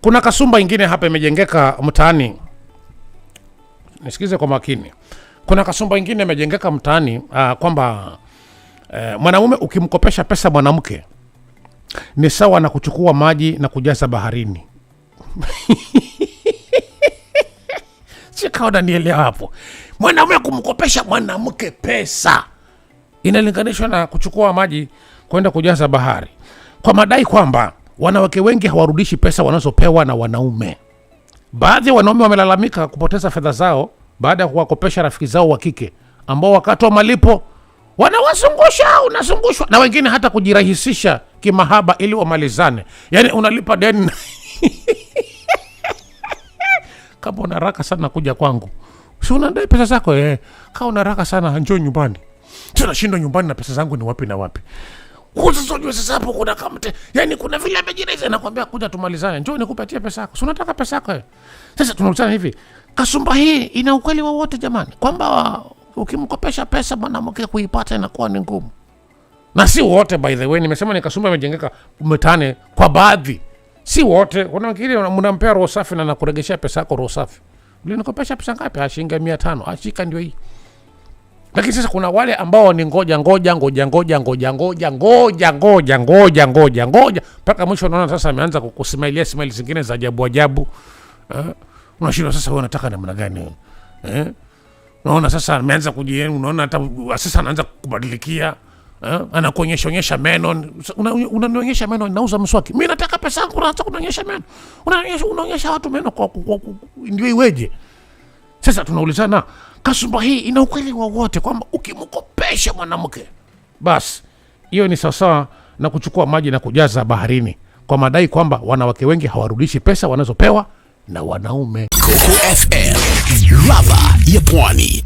Kuna kasumba ingine hapa imejengeka mtaani, nisikize kwa makini. Kuna kasumba ingine imejengeka mtaani uh, kwamba uh, eh, mwanamume ukimkopesha pesa mwanamke ni sawa na kuchukua maji na kujaza baharini. Sikaona nielewa hapo. Mwanamume kumkopesha mwanamke pesa inalinganishwa na kuchukua maji kwenda kujaza bahari kwa madai kwamba wanawake wengi hawarudishi pesa wanazopewa na wanaume. Baadhi ya wanaume wamelalamika kupoteza fedha zao baada ya kuwakopesha rafiki zao wa kike ambao wakati wa malipo wanawazungusha, unazungushwa, na wengine hata kujirahisisha kimahaba ili wamalizane. Yaani unalipa deni kama una haraka sana kuja kwangu, si unadai pesa zako eh? Kaa una haraka sana njoo nyumbani, tunashindwa nyumbani na pesa zangu ni wapi na wapi huzizojua sasa hapo kuna kamte yani kuna vile kuja tumalizane njoo nikupatie pesa yako pesa yako sasa hivi kasumba hii ina ukweli wowote jamani kwamba ukimkopesha pesa mwanamke kuipata inakuwa ni ngumu na si wote by the way nimesema ni kasumba imejengeka mtaani kwa baadhi si wote unafikiri mnampea roho safi na nakuregeshea pesa yako roho safi ulinikopesha pesa ngapi ah, mia tano ashika ah, ndio hii lakini sasa kuna wale ambao ni ngoja ngoja ngoja ngoja ngoja ngoja ngoja ngoja ngoja ngoja ngoja mpaka mwisho, unaona sasa ameanza kukusimailia smaili zingine za ajabu ajabu, eh? unashindwa sasa, wewe unataka namna gani? eh? Unaona sasa ameanza kuji, unaona hata sasa anaanza kubadilikia eh? Anakuonyesha onyesha meno, unanionyesha una, una meno, nauza mswaki mimi, nataka pesa yangu, unaanza kunionyesha meno, unaonyesha unaonyesha watu meno, kwa ndio iweje? Sasa tunaulizana, kasumba hii ina ukweli wowote kwamba ukimkopesha mwanamke basi hiyo ni sawasawa na kuchukua maji na kujaza baharini, kwa madai kwamba wanawake wengi hawarudishi pesa wanazopewa na wanaume. Coco FM, ya Pwani.